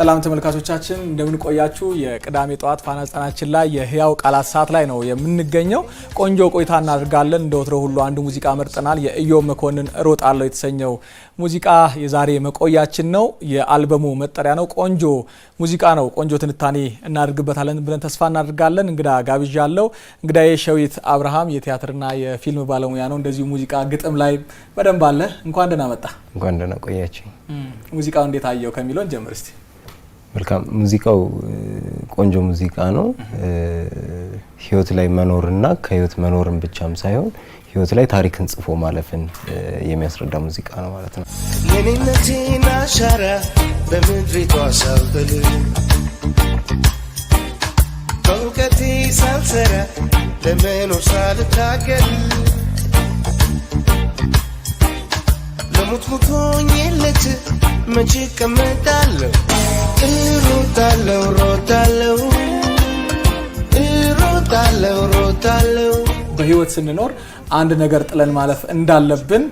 ሰላም ተመልካቾቻችን እንደምንቆያችሁ የቅዳሜ ጠዋት ፋና ዘጠናችን ላይ የህያው ቃላት ሰዓት ላይ ነው የምንገኘው። ቆንጆ ቆይታ እናደርጋለን። እንደ ወትሮ ሁሉ አንዱ ሙዚቃ መርጠናል። የእዮ መኮንን እሮጣለሁ የተሰኘው ሙዚቃ የዛሬ መቆያችን ነው። የአልበሙ መጠሪያ ነው። ቆንጆ ሙዚቃ ነው። ቆንጆ ትንታኔ እናደርግበታለን ብለን ተስፋ እናደርጋለን። እንግዳ ጋብዣ አለው። እንግዳዬ ሸዊት አብርሃም የቲያትርና የፊልም ባለሙያ ነው። እንደዚሁ ሙዚቃ ግጥም ላይ በደንብ አለ። እንኳን ደህና መጣ። እንኳን ደህና ቆያችሁ። ሙዚቃው እንዴት አየው ከሚለውን ጀምር እስቲ መልካም ሙዚቃው ቆንጆ ሙዚቃ ነው። ህይወት ላይ መኖርና ከህይወት መኖርን ብቻም ሳይሆን ህይወት ላይ ታሪክን ጽፎ ማለፍን የሚያስረዳ ሙዚቃ ነው ማለት ነው። የኔነቴን አሻራ በምድሪቷ ሳብል በእውቀቴ ሳልሰራ ለመኖር ሳልታገል ለሙትሙቶኝ የለች መቼ ቀመጣለሁ እሮጣለው ሮጣለው እሮጣለው ሮጣለው በህይወት ስንኖር አንድ ነገር ጥለን ማለፍ እንዳለብን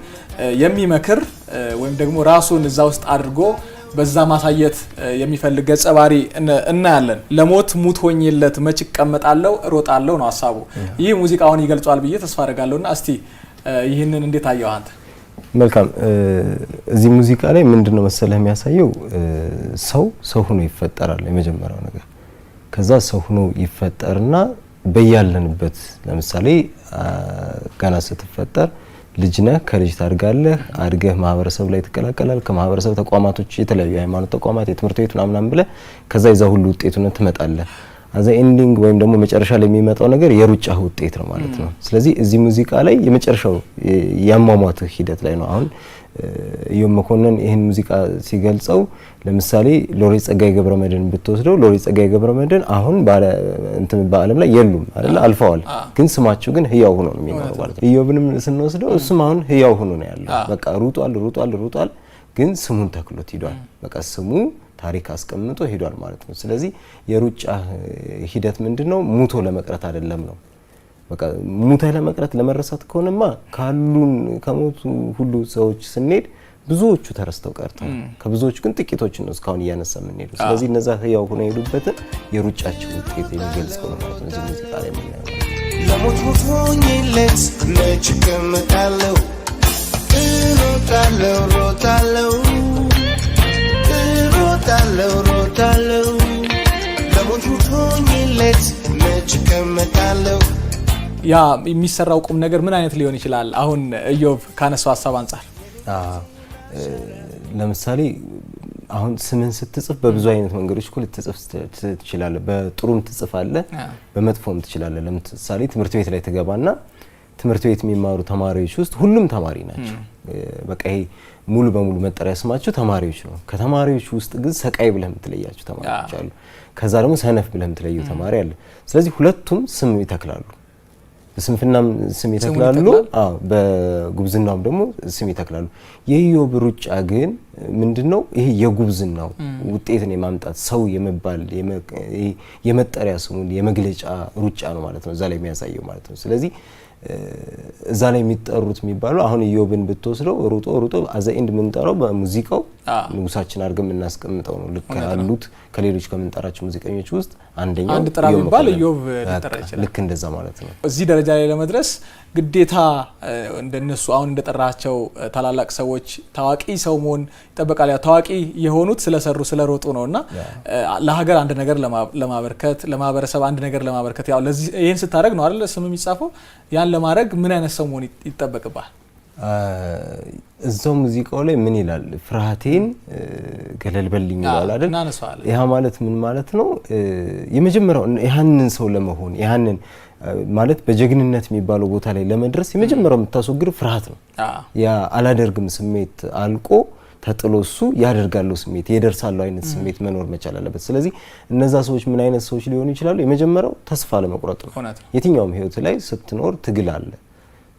የሚመክር ወይም ደግሞ ራሱን እዛ ውስጥ አድርጎ በዛ ማሳየት የሚፈልግ ገጸ ባህሪ እናያለን። ለሞት ሙት ሆኜለት መች እቀመጣለሁ እሮጣለሁ ነው ሀሳቡ። ይህ ሙዚቃውን ይገልጿል ብዬ ተስፋ እና እስቲ ይህንን እንዴት አየኸው አንተ? መልካም እዚህ ሙዚቃ ላይ ምንድን ነው መሰለህ የሚያሳየው ሰው ሰው ሆኖ ይፈጠራል። የመጀመሪያው ነገር ከዛ ሰው ሆኖ ይፈጠርና በያለንበት ለምሳሌ ገና ስትፈጠር ልጅ ነህ፣ ከልጅ ታድጋለህ። አድገህ ማህበረሰብ ላይ ትቀላቀላል። ከማህበረሰብ ተቋማቶች የተለያዩ የሃይማኖት ተቋማት፣ የትምህርት ቤት ምናምን ብለህ ከዛ የዛ ሁሉ ውጤቱነት ትመጣለህ። አዘ ኤንዲንግ ወይም ደግሞ መጨረሻ ላይ የሚመጣው ነገር የሩጫ ውጤት ነው ማለት ነው። ስለዚህ እዚህ ሙዚቃ ላይ የመጨረሻው ያሟሟት ሂደት ላይ ነው። አሁን እዮም መኮንን ይህን ሙዚቃ ሲገልጸው ለምሳሌ ሎሬ ጸጋዬ መድን ብትወስደው ሎሬ ጸጋዬ ገብረመድህን አሁን በዓለም ላይ የሉም አይደል፣ አልፈዋል። ግን ስማቸው ግን ህያው ሆኖ ነው የሚኖረው ማለት ነው። እዮብንም ስንወስደው እሱም አሁን ህያው ሆኖ ነው ያለው። በቃ ሩጧል ሩጧል ሩጧል፣ ግን ስሙን ተክሎት ሂዷል። በቃ ስሙ ታሪክ አስቀምጦ ሄዷል ማለት ነው። ስለዚህ የሩጫ ሂደት ምንድን ነው? ሙቶ ለመቅረት አይደለም ነው። በቃ ሙተ ለመቅረት ለመረሳት ከሆነማ ካሉን ከሞቱ ሁሉ ሰዎች ስንሄድ ብዙዎቹ ተረስተው ቀርተው ከብዙዎቹ ግን ጥቂቶች ነው እስካሁን እያነሳ የምንሄዱ። ስለዚህ እነዛ ህያው ሆነ የሄዱበትን የሩጫቸው ውጤት የሚገልጽ ነው ማለት ነው። እዚህ ሙዚቃ ላይ የምናየው ለሞት ሞት ሆኜለት ነጭ ቀምጣለሁ ያ የሚሰራው ቁም ነገር ምን አይነት ሊሆን ይችላል? አሁን እዮብ ካነሳው ሀሳብ አንጻር ለምሳሌ አሁን ስምን ስትጽፍ በብዙ አይነት መንገዶች እኮ ልትጽፍ ትችላለህ። በጥሩም ትጽፋለህ፣ በመጥፎም ትችላለህ። ለምሳሌ ትምህርት ቤት ላይ ትገባና ትምህርት ቤት የሚማሩ ተማሪዎች ውስጥ ሁሉም ተማሪ ናቸው። በቃ ይሄ ሙሉ በሙሉ መጠሪያ ስማቸው ተማሪዎች ነው። ከተማሪዎች ውስጥ ግን ሰቃይ ብለህ የምትለያቸው ተማሪዎች አሉ። ከዛ ደግሞ ሰነፍ ብለህ የምትለየው ተማሪ አለ። ስለዚህ ሁለቱም ስም ይተክላሉ። በስንፍናም ስም ይተክላሉ፣ በጉብዝናውም ደግሞ ስም ይተክላሉ። የኢዮብ ሩጫ ግን ምንድን ነው? ይሄ የጉብዝናው ውጤትን የማምጣት ሰው የመባል የመጠሪያ ስሙን የመግለጫ ሩጫ ነው ማለት ነው፣ እዛ ላይ የሚያሳየው ማለት ነው። ስለዚህ እዛ ላይ የሚጠሩት የሚባለው አሁን ኢዮብን ብትወስደው ሩጦ ሩጦ አዘኤንድ የምንጠራው በሙዚቃው ንጉሳችን አድርገን የምናስቀምጠው ነው። ልክ ያሉት ከሌሎች ከምንጠራቸው ሙዚቀኞች ውስጥ አንደኛው አንድ ጥራ ቢባል ኢዮብ ሊጠራ ይችላል። ልክ እንደዛ ማለት ነው። እዚህ ደረጃ ላይ ለመድረስ ግዴታ እንደነሱ አሁን እንደጠራቸው ታላላቅ ሰዎች ታዋቂ ሰው መሆን ይጠበቃል። ያው ታዋቂ የሆኑት ስለሰሩ ስለሮጡ ነው እና ለሀገር አንድ ነገር ለማበርከት ለማህበረሰብ አንድ ነገር ለማበርከት ያው ለዚህ ይህን ስታደርግ ነው አይደል ስም የሚጻፈው። ያን ለማድረግ ምን አይነት ሰው መሆን ይጠበቅባል? እዛው ሙዚቃው ላይ ምን ይላል? ፍርሃቴን ገለልበልኝ ይላል አይደል? ይህ ማለት ምን ማለት ነው? የመጀመሪያው ያህንን ሰው ለመሆን ያህንን ማለት በጀግንነት የሚባለው ቦታ ላይ ለመድረስ የመጀመሪያው የምታስወግድ ፍርሃት ነው። ያ አላደርግም ስሜት አልቆ ተጥሎ እሱ ያደርጋለሁ ስሜት የደርሳለሁ አይነት ስሜት መኖር መቻል አለበት። ስለዚህ እነዛ ሰዎች ምን አይነት ሰዎች ሊሆኑ ይችላሉ? የመጀመሪያው ተስፋ ለመቁረጥ ነው። የትኛውም ህይወት ላይ ስትኖር ትግል አለ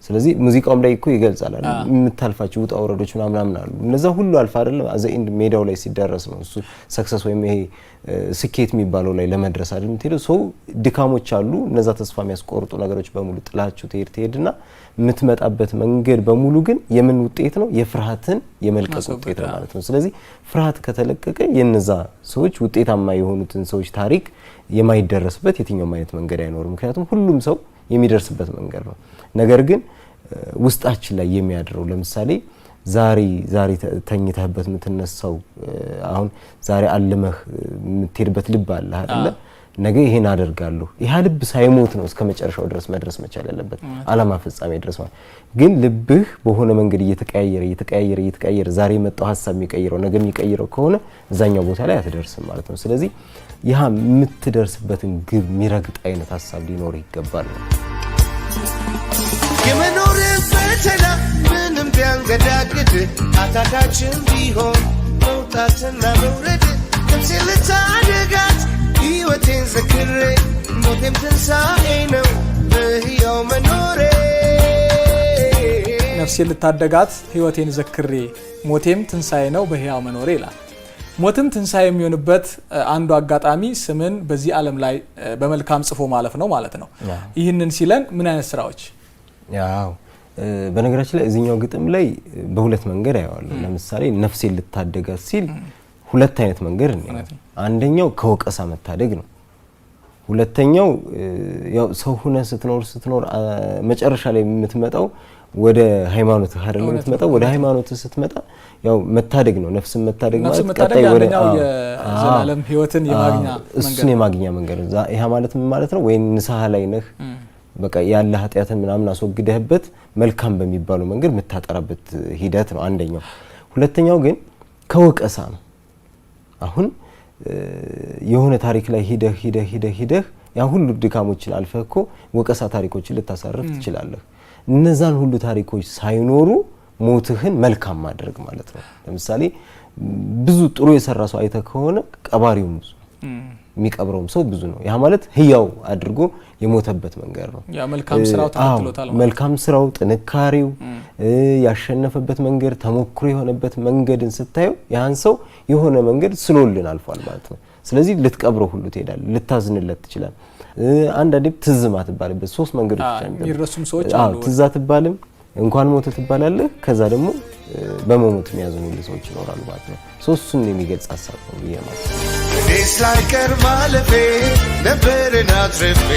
ስለዚህ ሙዚቃውም ላይ እኮ ይገልጻል የምታልፋቸው ውጣ ውረዶች ምናምን አሉ። እነዛ ሁሉ አልፋ አይደለም አዘ ኢንድ ሜዳው ላይ ሲደረስ ነው እሱ ሰክሰስ ወይም ይሄ ስኬት የሚባለው ላይ ለመድረስ አይደል የምትሄደው። ሰው ድካሞች አሉ። እነዛ ተስፋ የሚያስቆርጡ ነገሮች በሙሉ ጥላቸው ትሄድ ትሄድና የምትመጣበት መንገድ በሙሉ ግን የምን ውጤት ነው? የፍርሃትን የመልቀቅ ውጤት ነው ማለት ነው። ስለዚህ ፍርሃት ከተለቀቀ የነዛ ሰዎች ውጤታማ የሆኑትን ሰዎች ታሪክ የማይደረስበት የትኛውም አይነት መንገድ አይኖርም። ምክንያቱም ሁሉም ሰው የሚደርስበት መንገድ ነው። ነገር ግን ውስጣችን ላይ የሚያድረው ለምሳሌ ዛሬ ዛሬ ተኝተህበት የምትነሳው አሁን ዛሬ አልመህ የምትሄድበት ልብ አለ አይደለ? ነገ ይሄን አደርጋለሁ። ይህ ልብ ሳይሞት ነው እስከ መጨረሻው ድረስ መድረስ መቻል ያለበት አላማ ፍጻሜ ድረስ ግን ልብህ በሆነ መንገድ እየተቀያየረ እየተቀያየረ እየተቀያየረ ዛሬ የመጣው ሀሳብ የሚቀይረው ነገ የሚቀይረው ከሆነ እዛኛው ቦታ ላይ አትደርስም ማለት ነው። ስለዚህ ያ የምትደርስበትን ግብ የሚረግጥ አይነት ሀሳብ ሊኖር ይገባል። የመኖር ፈተና ምንም ቢያንገዳግድ አታታችን ቢሆን መውጣትና መውረድ ነፍሴ ልታደጋት ሕይወቴን ዘክሬ ሞቴም ትንሣኤ ነው በህያው መኖሬ ነፍሴ ልታደጋት ሕይወቴን ዘክሬ ሞቴም ትንሣኤ ነው በሕያው መኖሬ ይላል። ሞትም ትንሣኤ የሚሆንበት አንዱ አጋጣሚ ስምን በዚህ ዓለም ላይ በመልካም ጽፎ ማለፍ ነው ማለት ነው። ይህንን ሲለን ምን አይነት ስራዎች? ያው በነገራችን ላይ እዚህኛው ግጥም ላይ በሁለት መንገድ አየዋለሁ። ለምሳሌ ነፍሴን ልታደጋት ሲል ሁለት አይነት መንገድ ነው። አንደኛው ከወቀሳ መታደግ ነው። ሁለተኛው ያው ሰው ሁነ ስትኖር ስትኖር መጨረሻ ላይ የምትመጣው ወደ ሃይማኖት አይደለም የምትመጣው። ወደ ሃይማኖት ስትመጣ ያው መታደግ ነው፣ ነፍስን መታደግ ማለት ቀጣይ ወደ ዘላለም ህይወትን የማግኛ እሱን የማግኛ መንገድ ነው። ይሄ ማለት ምን ማለት ነው? ወይ ንስሐ ላይ ነህ፣ በቃ ያለ ኃጢአትን ምናምን አስወግደህበት መልካም በሚባሉ መንገድ የምታጠራበት ሂደት ነው አንደኛው። ሁለተኛው ግን ከወቀሳ ነው። አሁን የሆነ ታሪክ ላይ ሂደህ ሂደህ ሂደህ ሂደህ ያ ሁሉ ድካሞችን አልፈህ እኮ ወቀሳ ታሪኮችን ልታሳርፍ ትችላለህ። እነዛን ሁሉ ታሪኮች ሳይኖሩ ሞትህን መልካም ማድረግ ማለት ነው። ለምሳሌ ብዙ ጥሩ የሰራ ሰው አይተ ከሆነ ቀባሪውም ብዙ የሚቀብረውም ሰው ብዙ ነው። ያ ማለት ህያው አድርጎ የሞተበት መንገድ ነው። መልካም ስራው፣ ጥንካሬው፣ ያሸነፈበት መንገድ፣ ተሞክሮ የሆነበት መንገድን ስታየው ያን ሰው የሆነ መንገድ ስሎልን አልፏል ማለት ነው። ስለዚህ ልትቀብረው ሁሉ ትሄዳል፣ ልታዝንለት ትችላል። አንዳንዴ ትዝም አትባልበት። ሶስት መንገዶች የሚረሱም ሰዎች አሉ። ትዝ አትባልም፣ እንኳን ሞተ ትባላለህ። ከዛ ደግሞ በመሞት የሚያዝኑ ሰዎች ይኖራሉ ማለት ነው። ሶስቱን የሚገልጽ ሀሳብ ነው ብዬ ማለት እኔስ ላይ ቀር ማለፌ ነበርን አትርፌ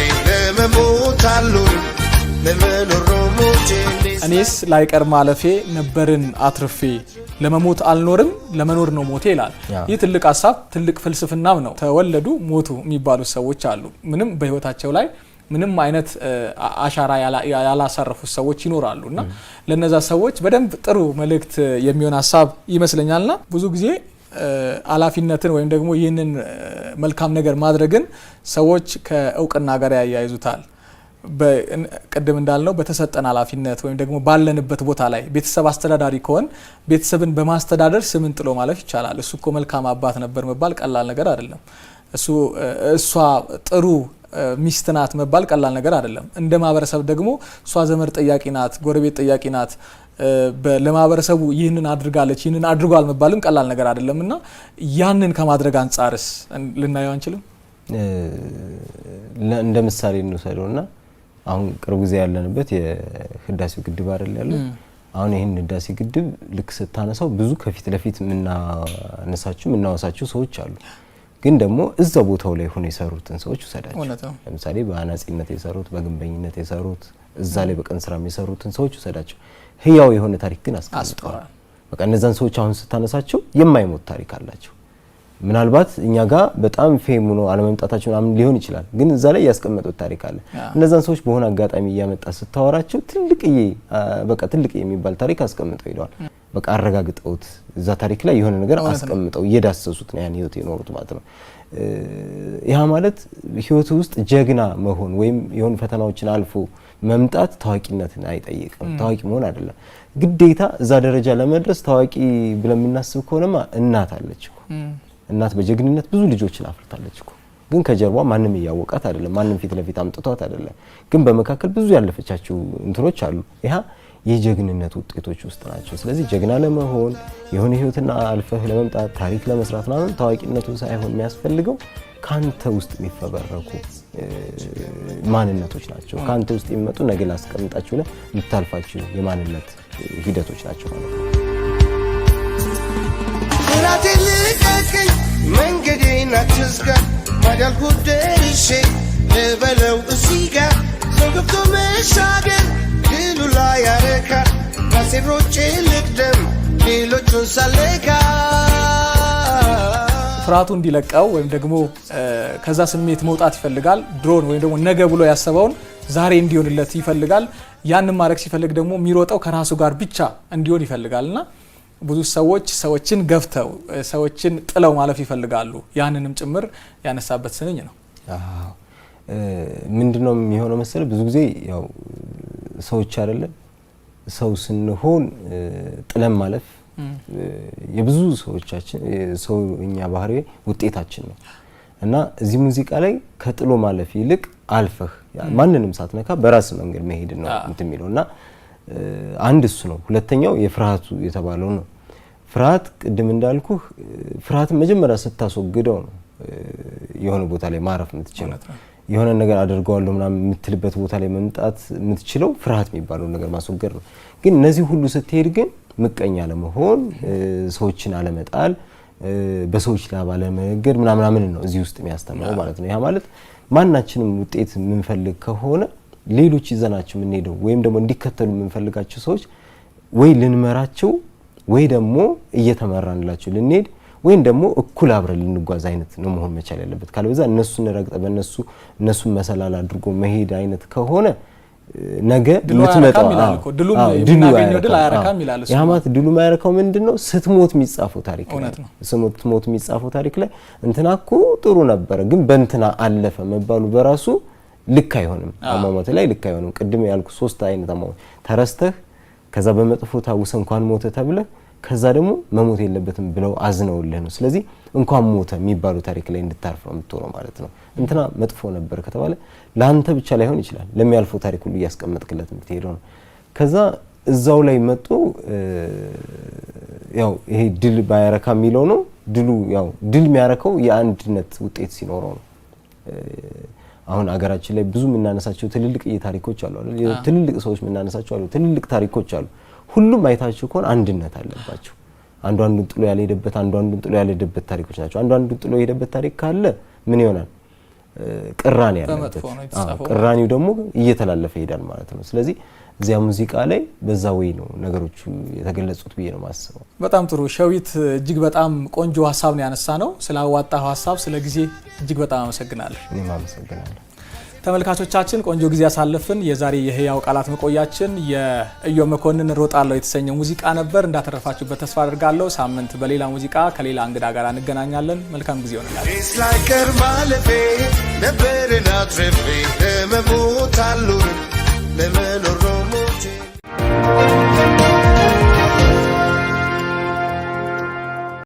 ለመሞት አሉኝ እኔስ ላይቀር ማለፌ ነበርን አትርፌ ለመሞት አልኖርም ለመኖር ነው ሞቴ ይላል። ይህ ትልቅ ሀሳብ ትልቅ ፍልስፍናም ነው። ተወለዱ ሞቱ የሚባሉ ሰዎች አሉ። ምንም በህይወታቸው ላይ ምንም አይነት አሻራ ያላሳረፉት ሰዎች ይኖራሉ እና ለነዛ ሰዎች በደንብ ጥሩ መልእክት የሚሆን ሀሳብ ይመስለኛል ና ብዙ ጊዜ ኃላፊነትን ወይም ደግሞ ይህንን መልካም ነገር ማድረግን ሰዎች ከእውቅና ጋር ያያይዙታል። ቅድም እንዳልነው በተሰጠን ኃላፊነት ወይም ደግሞ ባለንበት ቦታ ላይ ቤተሰብ አስተዳዳሪ ከሆን ቤተሰብን በማስተዳደር ስምን ጥሎ ማለፍ ይቻላል። እሱ እኮ መልካም አባት ነበር መባል ቀላል ነገር አይደለም። እሱ እሷ ጥሩ ሚስት ናት መባል ቀላል ነገር አይደለም። እንደ ማህበረሰብ ደግሞ እሷ ዘመድ ጠያቂ ናት፣ ጎረቤት ጠያቂ ናት ለማህበረሰቡ ይህንን አድርጋለች ይህንን አድርጓል መባልም ቀላል ነገር አይደለም እና ያንን ከማድረግ አንጻርስ ልናየው አንችልም። እንደ ምሳሌ እንውሰደው እና አሁን ቅርብ ጊዜ ያለንበት የህዳሴው ግድብ አይደል ያለ አሁን ይህን ህዳሴ ግድብ ልክ ስታነሳው ብዙ ከፊት ለፊት የምናነሳቸው የምናወሳቸው ሰዎች አሉ። ግን ደግሞ እዛ ቦታው ላይ ሆነ የሰሩትን ሰዎች ውሰዳቸው። ለምሳሌ በአናጺነት የሰሩት፣ በግንበኝነት የሰሩት፣ እዛ ላይ በቀን ስራ የሰሩትን ሰዎች ውሰዳቸው። ህያው የሆነ ታሪክ ግን አስቀምጠዋል። በቃ እነዛን ሰዎች አሁን ስታነሳቸው የማይሞት ታሪክ አላቸው። ምናልባት እኛ ጋር በጣም ፌም ነው አለመምጣታቸው ምናምን ሊሆን ይችላል። ግን እዛ ላይ ያስቀመጡት ታሪክ አለ። እነዛን ሰዎች በሆነ አጋጣሚ እያመጣ ስታወራቸው ትልቅዬ በቃ ትልቅ የሚባል ታሪክ አስቀምጠው ሄደዋል። በቃ አረጋግጠውት እዛ ታሪክ ላይ የሆነ ነገር አስቀምጠው እየዳሰሱት ነው ያን ህይወት የኖሩት ማለት ነው። ያ ማለት ህይወት ውስጥ ጀግና መሆን ወይም የሆኑ ፈተናዎችን አልፎ መምጣት ታዋቂነትን አይጠይቅም። ታዋቂ መሆን አይደለም ግዴታ። እዛ ደረጃ ለመድረስ ታዋቂ ብለን የምናስብ ከሆነማ እናት አለች እናት በጀግንነት ብዙ ልጆችን አፍርታለች እኮ ግን ከጀርባ ማንም እያወቃት አይደለም፣ ማንም ፊት ለፊት አምጥቷት አይደለም። ግን በመካከል ብዙ ያለፈቻቸው እንትኖች አሉ። ያ የጀግንነት ውጤቶች ውስጥ ናቸው። ስለዚህ ጀግና ለመሆን የሆነ ህይወትና አልፈህ ለመምጣት ታሪክ ለመስራት ምናምን ታዋቂነቱ ሳይሆን የሚያስፈልገው ከአንተ ውስጥ የሚፈበረኩ ማንነቶች ናቸው። ከአንተ ውስጥ የሚመጡ ነገ ላስቀምጣችሁ ብለህ ልታልፋቸው የማንነት ሂደቶች ናቸው ማለት ነው። ፍራት ልቀቀኝ፣ መንገዴን አትዝጋ፣ ልበለው እዚህ ጋር ሰው ገብቶ መሻገር ላይ ያረካ ልቅደም ሌሎቹን ሳለካ ፍርሃቱ እንዲለቀው ወይም ደግሞ ከዛ ስሜት መውጣት ይፈልጋል። ድሮን ወይም ደግሞ ነገ ብሎ ያሰበውን ዛሬ እንዲሆንለት ይፈልጋል። ያንን ማድረግ ሲፈልግ ደግሞ የሚሮጠው ከራሱ ጋር ብቻ እንዲሆን ይፈልጋል እና ብዙ ሰዎች ሰዎችን ገፍተው ሰዎችን ጥለው ማለፍ ይፈልጋሉ። ያንንም ጭምር ያነሳበት ስንኝ ነው። ምንድን ነው የሚሆነው መሰለ ብዙ ጊዜ ያው ሰዎች አይደለም ሰው ስንሆን ጥለን ማለፍ የብዙ ሰዎቻችን እኛ ባህሪ ውጤታችን ነው እና እዚህ ሙዚቃ ላይ ከጥሎ ማለፍ ይልቅ አልፈህ ማንንም ሳትነካ በራስ መንገድ መሄድ ነው እንትን የሚለው እና አንድ እሱ ነው። ሁለተኛው የፍርሃቱ የተባለው ነው። ፍርሃት ቅድም እንዳልኩህ ፍርሃትን መጀመሪያ ስታስወግደው ነው የሆነ ቦታ ላይ ማረፍ የምትችለው የሆነ ነገር አድርገዋለሁ ምናምን የምትልበት ቦታ ላይ መምጣት የምትችለው ፍርሃት የሚባለውን ነገር ማስወገድ ነው። ግን እነዚህ ሁሉ ስትሄድ ግን ምቀኛ አለመሆን፣ ሰዎችን አለመጣል፣ በሰዎች ላይ ባለመነገድ ምናምናምን ነው እዚህ ውስጥ የሚያስተምረው ማለት ነው። ያ ማለት ማናችንም ውጤት የምንፈልግ ከሆነ ሌሎች ይዘናቸው የምንሄደው ወይም ደግሞ እንዲከተሉ የምንፈልጋቸው ሰዎች ወይ ልንመራቸው ወይ ደግሞ እየተመራንላችሁ ልንሄድ ወይም ደግሞ እኩል አብረን ልንጓዝ አይነት ነው መሆን መቻል ያለበት። ካልበዛ እነሱን ረግጠ በእነሱ እነሱን መሰላል አድርጎ መሄድ አይነት ከሆነ ነገ ምትመጣው ድሉ ድሉ ማያረካው ምንድን ነው? ስትሞት የሚጻፈው ታሪክ ላይ ስትሞት የሚጻፈው ታሪክ ላይ እንትና እኮ ጥሩ ነበረ ግን በእንትና አለፈ መባሉ በራሱ ልክ አይሆንም። አሟሟት ላይ ልክ አይሆንም። ቅድም ያልኩ ሶስት አይነት አሟሟት ተረስተህ ከዛ በመጥፎ ታውሰ እንኳን ሞተ ተብለ ከዛ ደግሞ መሞት የለበትም ብለው አዝነውልህ ነው። ስለዚህ እንኳን ሞተ የሚባሉ ታሪክ ላይ እንድታርፍ ነው የምትሆነው ማለት ነው። እንትና መጥፎ ነበር ከተባለ ለአንተ ብቻ ላይሆን ይችላል፣ ለሚያልፈው ታሪክ ሁሉ እያስቀመጥክለት የምትሄደው ነው። ከዛ እዛው ላይ መጡ። ያው ይሄ ድል ባያረካ የሚለው ነው። ድሉ ያው ድል የሚያረከው የአንድነት ውጤት ሲኖረው ነው። አሁን አገራችን ላይ ብዙ የምናነሳቸው ትልልቅ ታሪኮች አሉ አይደል? ትልልቅ ሰዎች የምናነሳቸው አሉ፣ ትልልቅ ታሪኮች አሉ። ሁሉም አይታቸው ከሆነ አንድነት አለባቸው። አንዱ አንዱን ጥሎ ያልሄደበት፣ አንዱ አንዱን ጥሎ ያልሄደበት ታሪኮች ናቸው። አንዱ አንዱን ጥሎ የሄደበት ታሪክ ካለ ምን ይሆናል? ቅራኔ ያለበት ቅራኔው ደግሞ እየተላለፈ ይሄዳል ማለት ነው። ስለዚህ እዚያ ሙዚቃ ላይ በዛ ወይ ነው ነገሮቹ የተገለጹት ብዬ ነው ማስበው። በጣም ጥሩ ሸዊት፣ እጅግ በጣም ቆንጆ ሀሳብ ነው ያነሳ ነው። ስለ አዋጣው ሀሳብ፣ ስለ ጊዜ እጅግ በጣም አመሰግናለሁ። እኔም አመሰግናለሁ። ተመልካቾቻችን ቆንጆ ጊዜ ያሳለፍን። የዛሬ የህያው ቃላት መቆያችን የእዮ መኮንን ሮጣለሁ የተሰኘው ሙዚቃ ነበር። እንዳተረፋችሁበት ተስፋ አድርጋለሁ። ሳምንት በሌላ ሙዚቃ ከሌላ እንግዳ ጋር እንገናኛለን። መልካም ጊዜ ሆንላል።